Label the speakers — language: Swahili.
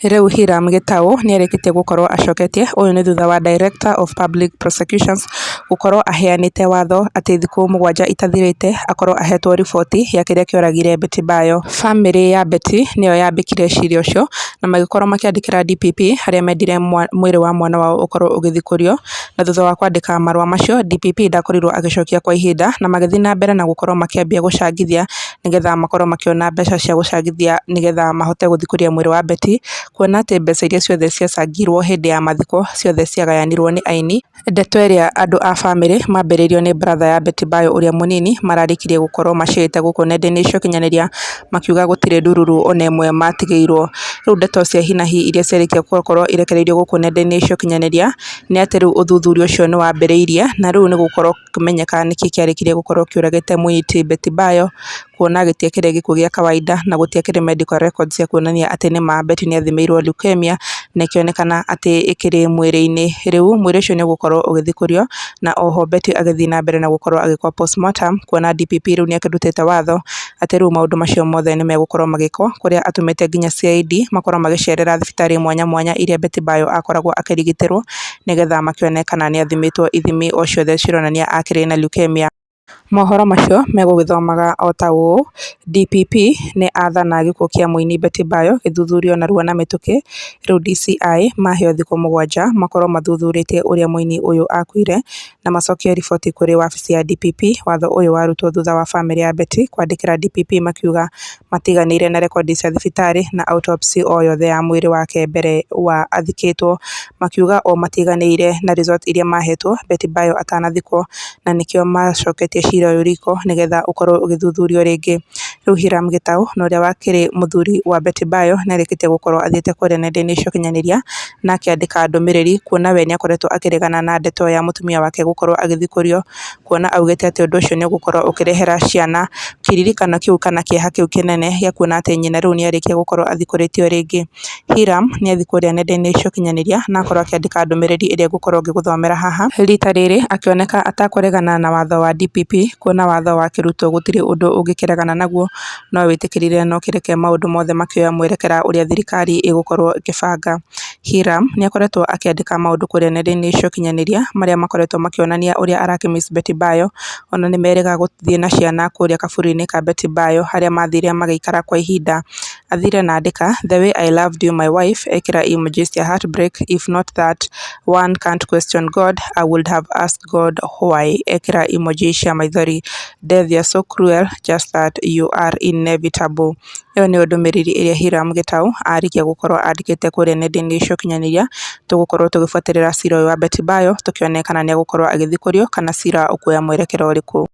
Speaker 1: Riu Hiram Gitau niereketie gukorwo acoketie uyu ni thutha wa Director of Public Prosecutions gukorwo aheanite watho ati thiku mugwanja itathirite akorwo ahetwo riboti ya kiria kioragire Betty Bayo. Family ya Betty niyo yambikire cira ucio na magikorwo makiandikira DPP haria mendire mwiri wa mwana wao ukorwo ugithikũrio na thutha wa kwandika marũa macio DPP ndakorirwo agicokia kwa ihinda na magithii na mbere na gukorwo makiambia gucangithia nigetha makorwo makiona mbeca cia gucangithia nigetha mahote guthikũria mwiri wa Betty kuona atĩ mbeca iria ciothe ciacangirwo hĩndĩ ya mathiko ciothe ciagayanirwo nĩ aini. Ndeto ĩrĩa andũ a bamĩrĩ mambĩrĩirio nĩ brother ya Betty Bayo ũrĩa mũnini mararĩkirie gũkorwo maciĩte gũkũ nenda-inĩ cia ũkinyanĩria makiuga gũtirĩ ndururu ona ĩmwe matigĩirwo. Rĩu ndeto cia hi na hi iria ciarĩkia gũkorwo irekereirio gũkũ nenda-inĩ cia ũkinyanĩria nĩ atĩ rĩu ũthuthuria ũcio nĩ wambĩrĩirie na rĩu nĩ gũkorwo gũkĩmenyeka nĩkĩ kĩarĩkirie gũkorwo kĩũragĩte mũini ti Betty Bayo kuona gĩtiekĩrĩ gĩkuũ gĩa kawaida na gũtiekĩrĩ medical records cia kuonania atĩ nĩ ma Betty nĩ athimirwo leukemia na ĩkĩonekana atĩ ĩkĩrĩ mwĩrĩ-inĩ. Rĩu mwĩrĩ ũcio nĩ ũgũkorwo ũgĩthiĩ na oho Betty agĩthiĩ na mbere na gũkorwo agĩkwo postmortem kuona DPP rĩu nĩ akĩrutĩte watho atĩ rĩu maũndũ macio mothe nĩ megũkorwo magĩkwo kũrĩa atũmĩte nginya CID makorwo magĩcerera thibitarĩ mwanya mwanya iria Betty Bayo akoragwo akĩrigitĩrwo nĩgetha makĩone kana nĩ athimĩtwo ithimi o ciothe cironania akĩrĩ na leukemia. Mohoro macio megũgĩthomaga o ta ũũ: DPP nĩ aathana gĩkuũ kĩa mũini Betty Bayo gĩthuthurio narua na mĩtũkĩ, rĩu DCĩ maheo thikũ mũgwanja makorwo mathuthurĩtie ũrĩa mũini ũyũ akuire na macokie riboti kũrĩ wabici ya DPP Watho ũyũ warutwo thutha wa bamĩrĩ ya Betty kwandĩkĩra DPP makiuga matiganĩire na rekondi cia thibitarĩ na autopsy o yothe ya mwĩrĩ wake mbere wa athikĩtwo, makiuga o matiganĩire na result iria mahetwo Betty Bayo atanathikwo na nĩkĩo macoketie ciira icira rĩrĩkũ nĩgetha ũkorwo ũgĩthuthurio rĩngĩ. Hiram Mgitau na uria wakiri muthuri wa Betty Bayo na rikite gukorwo athiite kuria nenda-ini cia ukinyanĩria na akiandika ndumiriri kuona we niakoretwo akiregana na ndeto ya mutumia wake gukorwo agithikũrio kuona augite ati undu ucio niugukorwo ukirehera ciana kiririkano kiu kana kieha kiu kinene gia kuona ati nyina riu niarikia gukorwo athikũrĩtio ringi. Hiram niathii kuria nenda-ini cia ukinyanĩria na akorwo akiandika ndumiriri iria ngukorwo ngiguthomera haha. Rita riri akioneka atakũregana na watho wa DPP kuona watho wakirutwo gutiri undu ungikeregana naguo ũguo no wĩtĩkĩrire na ũkĩreke maũndũ mothe makĩoya mwerekera ũrĩa thirikari ĩgũkorwo ĩkĩbanga. Hiram nĩ akoretwo akĩandĩka maũndũ kũrĩa nenda-inĩ cia ũkinyanĩria marĩa makoretwo makĩonania ũrĩa arakĩmĩci Betty Bayo ona nĩmerĩga gũthiĩ na ciana kũrĩa kaburi-inĩ ka Betty Bayo harĩa mathire magĩikara kwa ihinda athire na andika the way I loved you my wife ekĩra emojis ya heartbreak if not that one can't question God I would have asked God why ekĩra emojis ya maithori death you're so cruel just that you are inevitable ĩyo nĩyo ndũmĩrĩri ĩrĩa Hiram Gitau arikia gũkorwo andĩkĩte kũrĩa nenda-inĩ icio kinyanĩria tũgũkorwo tũgĩbuatĩrĩra cira ũyũ wa Beti Bayo tũkĩone kana nĩegũkorwo agĩthikũrio kana cira ũkuoya mwerekera ũrĩkũ